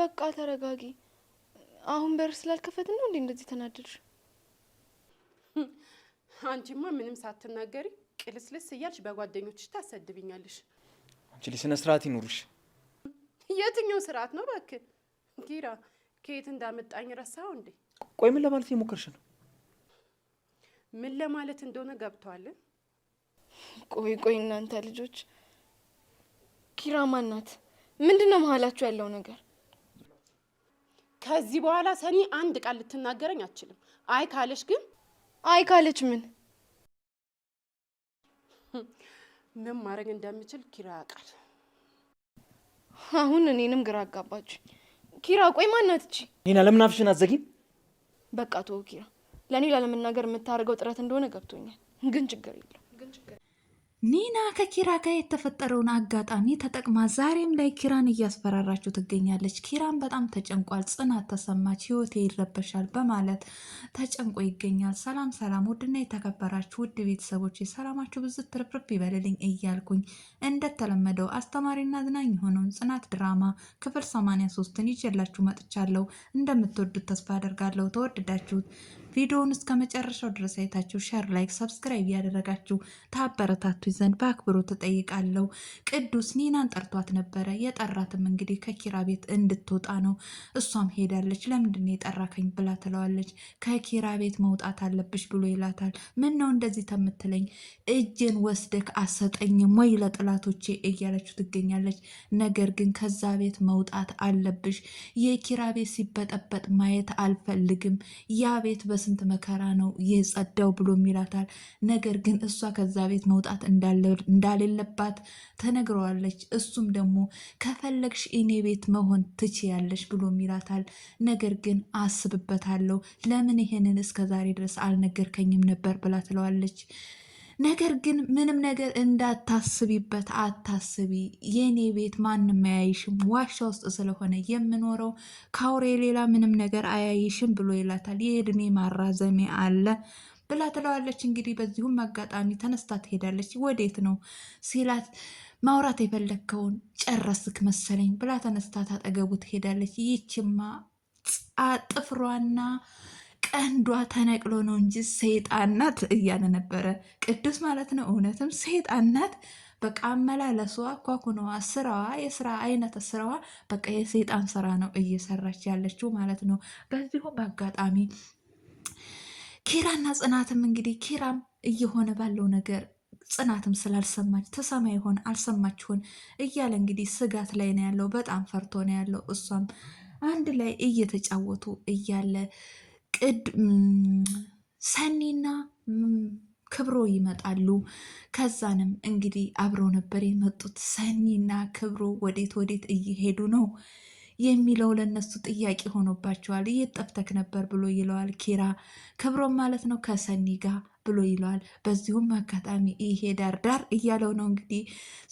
በቃ ተረጋጊ። አሁን በር ስላልከፈት ነው እንዴ እንደዚህ ተናደድሽ? አንቺማ ምንም ሳትናገሪ ቅልስልስ እያልሽ በጓደኞችሽ ታሰድብኛለሽ። አንቺ ልጅ ስነ ስርዓት ይኑርሽ። የትኛው ስርዓት ነው እባክህ? ኪራ ከየት እንዳመጣኝ ረሳው እንዴ? ቆይ ምን ለማለት የሞከርሽ ነው? ምን ለማለት እንደሆነ ገብቷል? ቆይ ቆይ እናንተ ልጆች ኪራ ማናት? ምንድን ነው መሀላችሁ ያለው ነገር? ከዚህ በኋላ ሰኒ አንድ ቃል ልትናገረኝ አትችልም። አይ ካለች ግን አይ ካለች ምን ምን ማድረግ እንደምችል ኪራ ያውቃል። አሁን እኔንም ግራ አጋባችኝ። ኪራ ቆይ ማናት እቺ ኒና? ለምን አፍሽን አዘጊም? በቃ ተወው ኪራ፣ ለእኔ ላለመናገር የምታደርገው ጥረት እንደሆነ ገብቶኛል፣ ግን ችግር የለም ኒና ከኪራ ጋር የተፈጠረውን አጋጣሚ ተጠቅማ ዛሬም ላይ ኪራን እያስፈራራችው ትገኛለች። ኪራን በጣም ተጨንቋል። ጽናት ተሰማች፣ ህይወቴ ይረበሻል በማለት ተጨንቆ ይገኛል። ሰላም ሰላም! ውድና የተከበራችሁ ውድ ቤተሰቦች ሰላማችሁ ብዙ ትርፍርፍ ይበልልኝ እያልኩኝ እንደተለመደው አስተማሪና አዝናኝ የሆነውን ጽናት ድራማ ክፍል 83ን ይዤላችሁ መጥቻለሁ። እንደምትወዱት ተስፋ አደርጋለሁ። ተወደዳችሁት ቪዲዮውን እስከ መጨረሻው ድረስ አይታችሁ ሸር፣ ላይክ፣ ሰብስክራይብ ያደረጋችሁ ታበረታቱ ዘንድ በአክብሮ ተጠይቃለሁ። ቅዱስ ኒናን ጠርቷት ነበረ። የጠራትም እንግዲህ ከኪራ ቤት እንድትወጣ ነው። እሷም ሄዳለች። ለምንድን የጠራከኝ ብላ ትለዋለች። ከኪራ ቤት መውጣት አለብሽ ብሎ ይላታል። ምን ነው እንደዚህ ተምትለኝ እጅን ወስደክ አሰጠኝም ወይ ለጥላቶቼ እያለችሁ ትገኛለች። ነገር ግን ከዛ ቤት መውጣት አለብሽ። የኪራ ቤት ሲበጠበጥ ማየት አልፈልግም። ያ ቤት በ ስንት መከራ ነው የጸዳው ብሎም ይላታል። ነገር ግን እሷ ከዛ ቤት መውጣት እንዳሌለባት ተነግረዋለች። እሱም ደግሞ ከፈለግሽ እኔ ቤት መሆን ትችያለሽ ብሎም ይላታል። ነገር ግን አስብበታለሁ፣ ለምን ይሄንን እስከዛሬ ድረስ አልነገርከኝም ነበር ብላ ትለዋለች። ነገር ግን ምንም ነገር እንዳታስቢበት አታስቢ፣ የኔ ቤት ማንም አያይሽም፣ ዋሻ ውስጥ ስለሆነ የምኖረው ከአውሬ ሌላ ምንም ነገር አያይሽም ብሎ ይላታል። የእድሜ ማራዘሜ አለ ብላ ትለዋለች። እንግዲህ በዚሁም አጋጣሚ ተነስታ ትሄዳለች። ወዴት ነው ሲላት ማውራት የፈለግከውን ጨረስክ መሰለኝ ብላ ተነስታ ታጠገቡ ትሄዳለች። ይችማ ጥፍሯና ቀንዷ ተነቅሎ ነው እንጂ ሰይጣን ናት እያለ ነበረ ቅዱስ ማለት ነው። እውነትም ሰይጣን ናት። በቃ አመላለሷ፣ ኳኩነዋ፣ ስራዋ፣ የስራ አይነት ስራዋ በቃ የሰይጣን ስራ ነው እየሰራች ያለችው ማለት ነው። በዚሁም በአጋጣሚ ኪራና ጽናትም እንግዲህ ኪራም እየሆነ ባለው ነገር ጽናትም ስላልሰማች ተሰማ ይሆን አልሰማችሁን እያለ እንግዲህ ስጋት ላይ ነው ያለው። በጣም ፈርቶ ነው ያለው። እሷም አንድ ላይ እየተጫወቱ እያለ ሰኒና ክብሮ ይመጣሉ። ከዛንም እንግዲህ አብረው ነበር የመጡት። ሰኒና ክብሮ ወዴት ወዴት እየሄዱ ነው የሚለው ለነሱ ጥያቄ ሆኖባቸዋል። እየጠፍተክ ጠፍተክ ነበር ብሎ ይለዋል ኪራ። ክብሮም ማለት ነው ከሰኒ ጋር ብሎ ይለዋል። በዚሁም አጋጣሚ ይሄ ዳርዳር እያለው ነው እንግዲህ።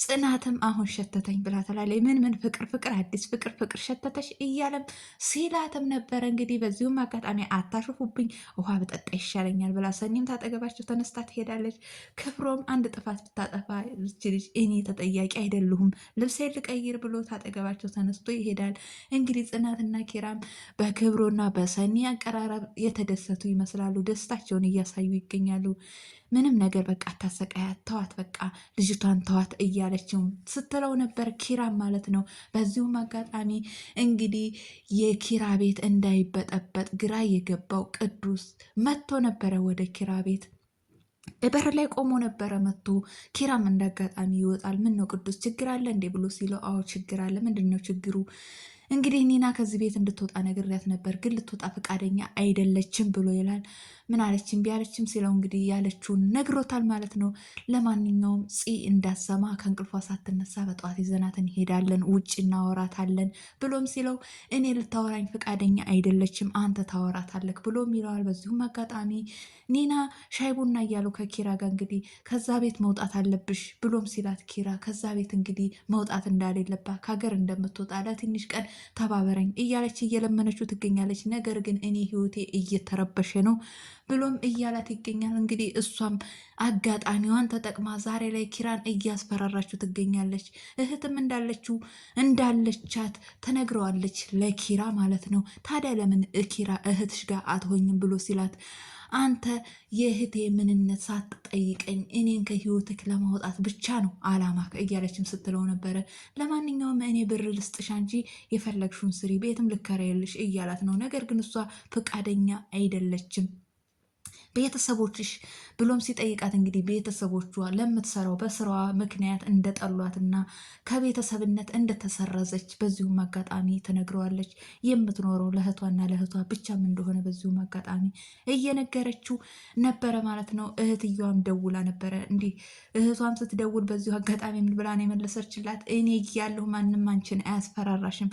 ጽናትም አሁን ሸተተኝ ብላ ትላለች። ምን ምን ፍቅር ፍቅር አዲስ ፍቅር ፍቅር ሸተተሽ እያለም ሲላትም ነበረ እንግዲህ። በዚሁም አጋጣሚ አታሽፉብኝ፣ ውሃ ብጠጣ ይሻለኛል ብላ ሰኒም ታጠገባቸው ተነስታ ትሄዳለች። ክብሮም አንድ ጥፋት ብታጠፋ ልጅ እኔ ተጠያቂ አይደለሁም ልብሴ ልቀይር ብሎ ታጠገባቸው ተነስቶ ይሄዳል። እንግዲህ ጽናትና ኪራም በክብሮና በሰኒ አቀራረብ የተደሰቱ ይመስላሉ። ደስታቸውን እያሳዩ ይገኛሉ። ምንም ነገር በቃ አታሰቃያት፣ ተዋት፣ በቃ ልጅቷን ተዋት እያለችው ስትለው ነበር ኪራ ማለት ነው። በዚሁም አጋጣሚ እንግዲህ የኪራ ቤት እንዳይበጠበጥ ግራ የገባው ቅዱስ መጥቶ ነበረ ወደ ኪራ ቤት በር ላይ ቆሞ ነበረ መጥቶ። ኪራም እንዳጋጣሚ ይወጣል። ምን ነው ቅዱስ ችግር አለ እንዴ ብሎ ሲለው፣ አዎ ችግር አለ። ምንድን ነው ችግሩ? እንግዲህ ኒና ከዚህ ቤት እንድትወጣ ነግሬያት ነበር፣ ግን ልትወጣ ፈቃደኛ አይደለችም ብሎ ይላል። ምን አለችም ቢያለችም ሲለው እንግዲህ ያለችውን ነግሮታል ማለት ነው። ለማንኛውም ፂ እንዳሰማ ከእንቅልፏ ሳትነሳ በጠዋት ይዘናት እንሄዳለን፣ ውጭ እናወራታለን ብሎም ሲለው እኔ ልታወራኝ ፈቃደኛ አይደለችም አንተ ታወራታለህ ብሎም ይለዋል። በዚሁም አጋጣሚ ኒና ሻይ ቡና እያሉ ከኪራ ጋር እንግዲህ ከዛ ቤት መውጣት አለብሽ ብሎም ሲላት ኪራ ከዛ ቤት እንግዲህ መውጣት እንዳሌለባት ከሀገር እንደምትወጣ ለትንሽ ቀን ተባበረኝ እያለች እየለመነችው ትገኛለች። ነገር ግን እኔ ህይወቴ እየተረበሸ ነው ብሎም እያላት ይገኛል። እንግዲህ እሷም አጋጣሚዋን ተጠቅማ ዛሬ ላይ ኪራን እያስፈራራችው ትገኛለች። እህትም እንዳለችው እንዳለቻት ተነግረዋለች ለኪራ ማለት ነው። ታዲያ ለምን ኪራ እህትሽ ጋር አትሆኝም ብሎ ሲላት አንተ የእህቴ ምንነት ሳትጠይቀኝ እኔን ከህይወትክ ለማውጣት ብቻ ነው አላማ እያለችም ስትለው ነበረ። ለማንኛውም እኔ ብር ልስጥሻ እንጂ የፈለግሽውን ስሪ፣ ቤትም ልከራይልሽ እያላት ነው። ነገር ግን እሷ ፈቃደኛ አይደለችም። ቤተሰቦችሽ ብሎም ሲጠይቃት እንግዲህ ቤተሰቦቿ ለምትሰራው በስራዋ ምክንያት እንደጠሏትና ከቤተሰብነት እንደተሰረዘች በዚሁም አጋጣሚ ትነግረዋለች። የምትኖረው ለእህቷና ለእህቷ ብቻም እንደሆነ በዚሁም አጋጣሚ እየነገረችው ነበረ ማለት ነው። እህትየዋም ደውላ ነበረ። እንዲህ እህቷም ስትደውል በዚሁ አጋጣሚ ምን የመለሰችላት? እኔ እያለሁ ማንም አንቺን አያስፈራራሽም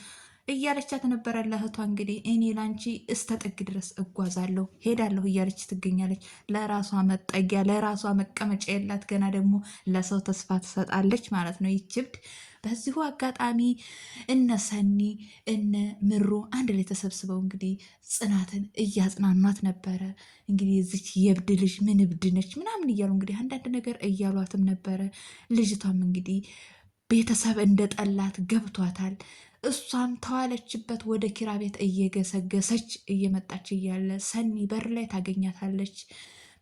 እያለቻት ነበረ ለእህቷ እንግዲህ እኔ ላንቺ እስተጥግ ድረስ እጓዛለሁ ሄዳለሁ እያለች ትገኛለች። ለራሷ መጠጊያ ለራሷ መቀመጫ የላት ገና ደግሞ ለሰው ተስፋ ትሰጣለች ማለት ነው ይች በዚሁ አጋጣሚ እነ ሰኒ እነ ምሮ አንድ ላይ ተሰብስበው እንግዲህ ጽናትን እያጽናኗት ነበረ። እንግዲህ እዚች የብድ ልጅ ምን እብድ ነች ምናምን እያሉ እንግዲህ አንዳንድ ነገር እያሏትም ነበረ። ልጅቷም እንግዲህ ቤተሰብ እንደጠላት ገብቷታል። እሷም ተዋለችበት ወደ ኪራ ቤት እየገሰገሰች እየመጣች እያለ ሰኒ በር ላይ ታገኛታለች።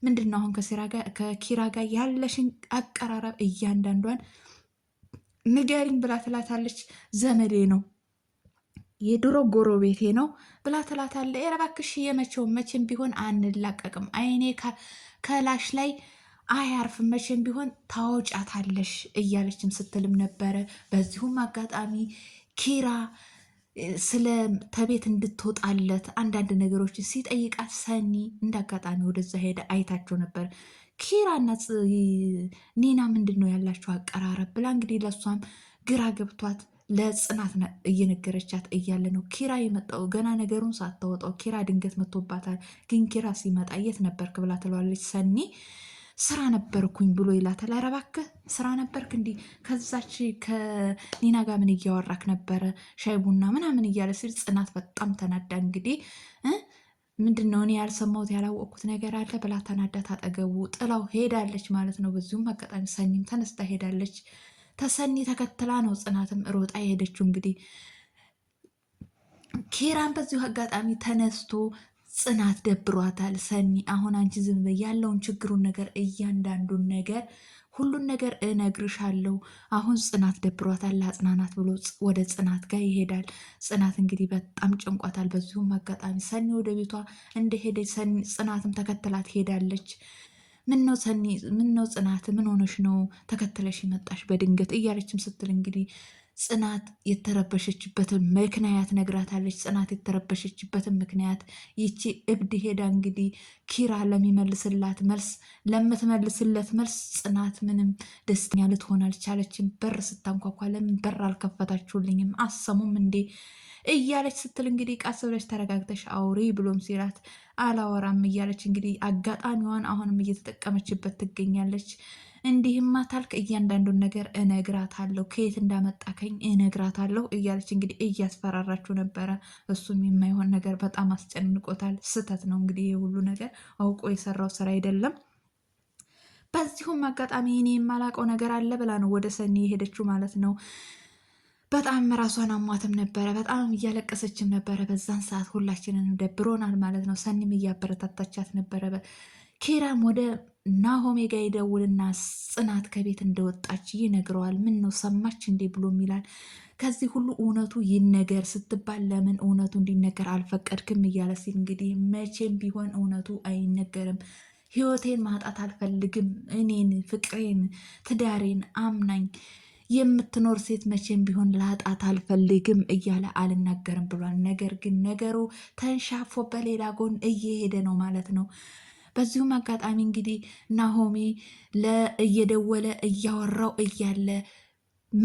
ምንድን ነው አሁን ከኪራ ጋር ያለሽን አቀራረብ እያንዳንዷን ንገሪኝ ብላ ትላታለች። ዘመዴ ነው የድሮ ጎረቤቴ ነው ብላ ትላታለ። ኧረ እባክሽ የመቼው መቼም ቢሆን አንላቀቅም፣ አይኔ ከላሽ ላይ አያርፍም መቼም ቢሆን ታወጫታለሽ እያለችም ስትልም ነበረ። በዚሁም አጋጣሚ ኪራ ስለ ተቤት እንድትወጣለት አንዳንድ ነገሮችን ሲጠይቃት ሰኒ እንዳጋጣሚ ወደዛ ሄደ አይታቸው ነበር። ኪራና ኒና ምንድን ነው ያላቸው አቀራረብ ብላ እንግዲህ ለእሷም ግራ ገብቷት ለጽናት እየነገረቻት እያለ ነው ኪራ የመጣው። ገና ነገሩን ሳታወጣው ኪራ ድንገት መጥቶባታል። ግን ኪራ ሲመጣ የት ነበርክ ብላ ትለዋለች ሰኒ ስራ ነበርኩኝ ብሎ ይላታል። ኧረ እባክህ ስራ ነበርክ እንዲህ ከዛች ከኒና ጋር ምን እያወራክ ነበረ ሻይ ቡና ምናምን እያለ ሲል ጽናት በጣም ተናዳ እንግዲህ ምንድን ነው እኔ ያልሰማሁት ያላወቅኩት ነገር አለ ብላ ተናዳ ታጠገቡ ጥላው ሄዳለች ማለት ነው። በዚሁም አጋጣሚ ሰኒም ተነስታ ሄዳለች። ተሰኒ ተከትላ ነው ጽናትም ሮጣ ሄደችው እንግዲህ ኬራን በዚሁ አጋጣሚ ተነስቶ ጽናት ደብሯታል። ሰኒ አሁን አንቺ ዝም በይ፣ ያለውን ችግሩን ነገር እያንዳንዱን ነገር ሁሉን ነገር እነግርሻለሁ። አሁን ጽናት ደብሯታል፣ ለአጽናናት ብሎ ወደ ጽናት ጋር ይሄዳል። ጽናት እንግዲህ በጣም ጨንቋታል። በዚሁም አጋጣሚ ሰኒ ወደ ቤቷ እንደሄደች ጽናትም ተከትላት ሄዳለች። ምነው ሰኒ፣ ነው ጽናት፣ ምን ሆነሽ ነው ተከትለሽ መጣሽ በድንገት እያለችም ስትል እንግዲህ ጽናት የተረበሸችበትን ምክንያት ነግራታለች። ጽናት የተረበሸችበትን ምክንያት ይቺ እብድ ሄዳ እንግዲህ ኪራ ለሚመልስላት መልስ ለምትመልስለት መልስ ጽናት ምንም ደስተኛ ልትሆን አልቻለችም። በር ስታንኳኳ ለምን በር አልከፈታችሁልኝም? አሰሙም እንዴ እያለች ስትል እንግዲህ ቀስ ብለች ተረጋግተሽ አውሪ ብሎም ሲላት አላወራም እያለች እንግዲህ አጋጣሚዋን አሁንም እየተጠቀመችበት ትገኛለች። እንዲህማ ታልክ እያንዳንዱን ነገር እነግራታለሁ፣ ከየት እንዳመጣከኝ እነግራታለሁ እያለች እንግዲህ እያስፈራራችሁ ነበረ። እሱም የማይሆን ነገር በጣም አስጨንቆታል። ስህተት ነው እንግዲህ የሁሉ ነገር አውቆ የሰራው ስራ አይደለም። በዚሁም አጋጣሚ እኔ የማላውቀው ነገር አለ ብላ ነው ወደ ሰኒ የሄደችው ማለት ነው። በጣም ራሷን አሟትም ነበረ። በጣም እያለቀሰችም ነበረ። በዛን ሰዓት ሁላችንን ደብሮናል ማለት ነው። ሰኒም እያበረታታቻት ነበረ። ኬራም ወደ ናሆሜ ጋ ይደውልና ጽናት ከቤት እንደወጣች ይነግረዋል። ምን ነው ሰማች እንዴ ብሎም ይላል። ከዚህ ሁሉ እውነቱ ይነገር ስትባል ለምን እውነቱ እንዲነገር አልፈቀድክም እያለ ሲል እንግዲህ መቼም ቢሆን እውነቱ አይነገርም። ህይወቴን ማጣት አልፈልግም። እኔን፣ ፍቅሬን፣ ትዳሬን አምናኝ የምትኖር ሴት መቼም ቢሆን ላጣት አልፈልግም እያለ አልናገርም ብሏል። ነገር ግን ነገሩ ተንሻፎ በሌላ ጎን እየሄደ ነው ማለት ነው። በዚሁም አጋጣሚ እንግዲህ ናሆሜ ለእየደወለ እያወራው እያለ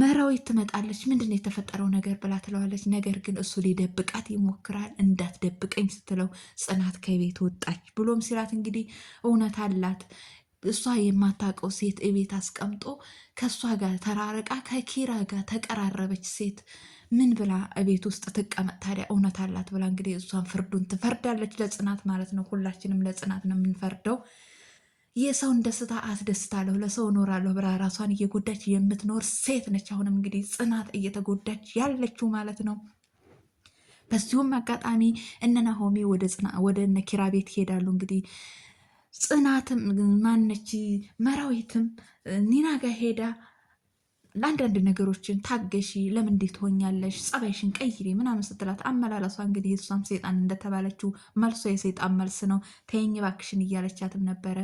መራዊት ትመጣለች። ምንድን ነው የተፈጠረው ነገር ብላ ትለዋለች። ነገር ግን እሱ ሊደብቃት ይሞክራል። እንዳትደብቀኝ ስትለው ጽናት ከቤት ወጣች ብሎም ሲላት እንግዲህ እውነት አላት እሷ የማታውቀው ሴት እቤት አስቀምጦ ከእሷ ጋር ተራርቃ ከኪራ ጋር ተቀራረበች ሴት ምን ብላ እቤት ውስጥ ትቀመጥ ታዲያ? እውነት አላት ብላ እንግዲህ እሷን ፍርዱን ትፈርዳለች ለጽናት ማለት ነው። ሁላችንም ለጽናት ነው የምንፈርደው። የሰውን ደስታ አስደስታለሁ፣ ለሰው እኖራለሁ ብላ ራሷን እየጎዳች የምትኖር ሴት ነች። አሁንም እንግዲህ ጽናት እየተጎዳች ያለችው ማለት ነው። በዚሁም አጋጣሚ እነ ናሆሜ ወደ ኪራ ቤት ይሄዳሉ እንግዲህ ጽናትም ማነች መራዊትም ኒና ጋ ሄዳ አንዳንድ ነገሮችን ታገሺ፣ ለምን እንዴት ትሆኛለሽ፣ ጸባይሽን ቀይሬ ምናምን ስትላት አመላለሷ እንግዲህ እሷም ሰይጣን እንደተባለችው መልሷ የሰይጣን መልስ ነው። ተይኝ እባክሽን እያለቻትም ነበረ።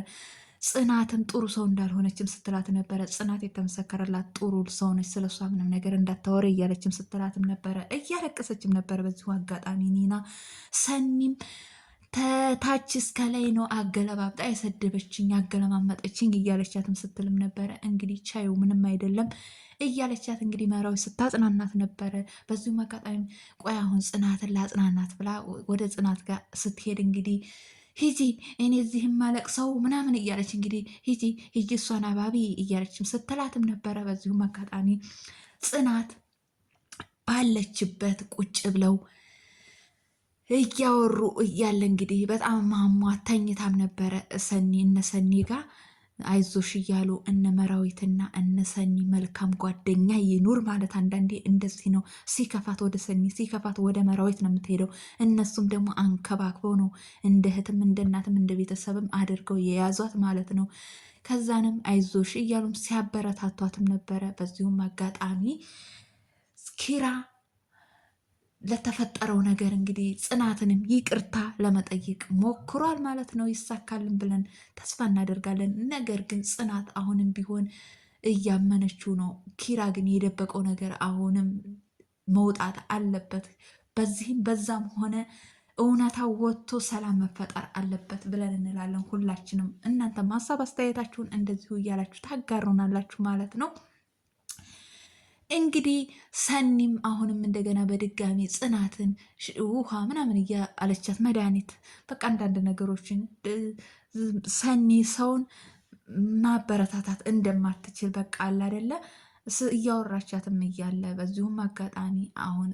ጽናትም ጥሩ ሰው እንዳልሆነችም ስትላት ነበረ። ጽናት የተመሰከረላት ጥሩ ሰው ነች፣ ስለሷ ምንም ነገር እንዳታወሪ እያለችም ስትላትም ነበረ። እያለቀሰችም ነበረ። በዚሁ አጋጣሚ ኒና ሰኒም ተታች እስከ ላይ ነው አገለባብጣ የሰደበችኝ አገለማመጠችኝ እያለቻትም ስትልም ነበረ። እንግዲህ ቻዩ ምንም አይደለም እያለቻት እንግዲህ መራዊ ስታጽናናት ነበረ። በዚሁም አጋጣሚ ቆይ አሁን ጽናትን ላጽናናት ብላ ወደ ጽናት ጋር ስትሄድ እንግዲህ ሂጂ እኔ እዚህም ማለቅ ሰው ምናምን እያለች እንግዲህ ሂጂ ሂጂ እሷን አባቢ እያለችም ስትላትም ነበረ። በዚሁም አጋጣሚ ጽናት ባለችበት ቁጭ ብለው እያወሩ እያለ እንግዲህ በጣም ማሟ ተኝታም ነበረ ሰኒ እነ ሰኒ ጋር አይዞሽ እያሉ እነ መራዊትና እነ ሰኒ መልካም ጓደኛ ይኑር ማለት አንዳንዴ እንደዚህ ነው። ሲከፋት ወደ ሰኒ፣ ሲከፋት ወደ መራዊት ነው የምትሄደው። እነሱም ደግሞ አንከባክበው ነው እንደ እህትም እንደ እናትም እንደ ቤተሰብም አድርገው የያዟት ማለት ነው። ከዛንም አይዞሽ እያሉም ሲያበረታቷትም ነበረ። በዚሁም አጋጣሚ ኪራ ለተፈጠረው ነገር እንግዲህ ጽናትንም ይቅርታ ለመጠየቅ ሞክሯል ማለት ነው። ይሳካልን ብለን ተስፋ እናደርጋለን። ነገር ግን ጽናት አሁንም ቢሆን እያመነችው ነው። ኪራ ግን የደበቀው ነገር አሁንም መውጣት አለበት። በዚህም በዛም ሆነ እውነታ ወጥቶ ሰላም መፈጠር አለበት ብለን እንላለን ሁላችንም። እናንተም ሀሳብ አስተያየታችሁን እንደዚሁ እያላችሁ ታጋሩናላችሁ ማለት ነው። እንግዲህ ሰኒም አሁንም እንደገና በድጋሚ ጽናትን ውሃ ምናምን እያለቻት መድኃኒት በቃ አንዳንድ ነገሮችን ሰኒ ሰውን ማበረታታት እንደማትችል በቃ አለ አደለ እያወራቻትም እያለ በዚሁም አጋጣሚ አሁን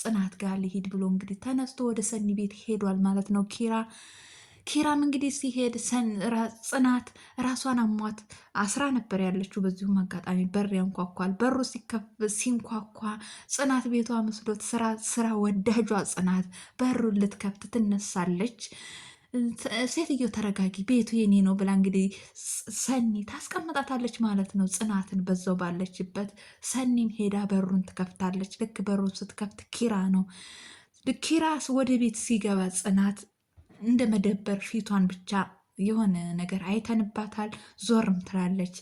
ጽናት ጋር ሊሄድ ብሎ እንግዲህ ተነስቶ ወደ ሰኒ ቤት ሄዷል ማለት ነው ኪራ ኪራም እንግዲህ ሲሄድ ጽናት ራሷን አሟት አስራ ነበር ያለችው። በዚሁም አጋጣሚ በር ያንኳኳል። በሩ ሲንኳኳ ጽናት ቤቷ መስሎት ስራ ወዳጇ ጽናት በሩን ልትከፍት ትነሳለች። ሴትዮ ተረጋጊ፣ ቤቱ የኔ ነው ብላ እንግዲህ ሰኒ ታስቀምጣታለች ማለት ነው። ጽናትን በዛው ባለችበት ሰኒም ሄዳ በሩን ትከፍታለች። ልክ በሩን ስትከፍት ኪራ ነው። ኪራስ ወደ ቤት ሲገባ ጽናት እንደ መደበር ፊቷን ብቻ የሆነ ነገር አይተንባታል። ዞርም ትላለች።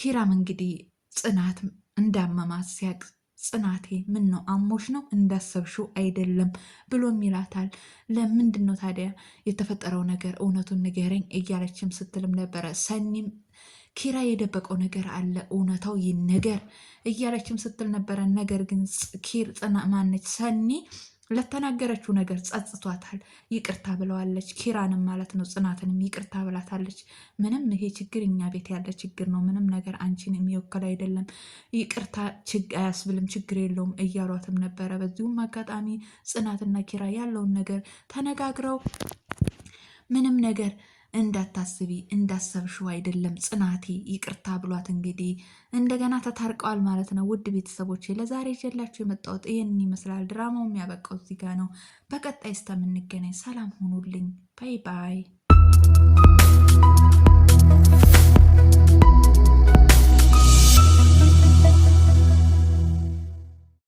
ኪራም እንግዲህ ጽናት እንዳመማት ሲያቅ ጽናቴ ምን ነው አሞሽ ነው እንዳሰብሽው አይደለም ብሎም ይላታል። ለምንድን ነው ታዲያ የተፈጠረው ነገር እውነቱን ንገረኝ እያለችም ስትልም ነበረ። ሰኒም ኪራ የደበቀው ነገር አለ እውነታው ይነገር እያለችም ስትል ነበረ። ነገር ግን ኪር ጽና ማነች ሰኒ ለተናገረችው ነገር ጸጽቷታል። ይቅርታ ብለዋለች። ኪራንም ማለት ነው ጽናትንም ይቅርታ ብላታለች። ምንም ይሄ ችግር እኛ ቤት ያለ ችግር ነው፣ ምንም ነገር አንቺን የሚወክል አይደለም፣ ይቅርታ አያስብልም፣ ችግር የለውም እያሏትም ነበረ። በዚሁም አጋጣሚ ጽናትና ኪራ ያለውን ነገር ተነጋግረው ምንም ነገር እንዳታስቢ እንዳሰብሽው አይደለም ጽናቴ ይቅርታ ብሏት እንግዲህ እንደገና ተታርቀዋል ማለት ነው። ውድ ቤተሰቦች ለዛሬ ይዤላችሁ የመጣሁት ይህንን ይመስላል። ድራማው የሚያበቃው እዚህ ጋ ነው። በቀጣይ እስከምንገናኝ ሰላም ሆኑልኝ። ባይ ባይ።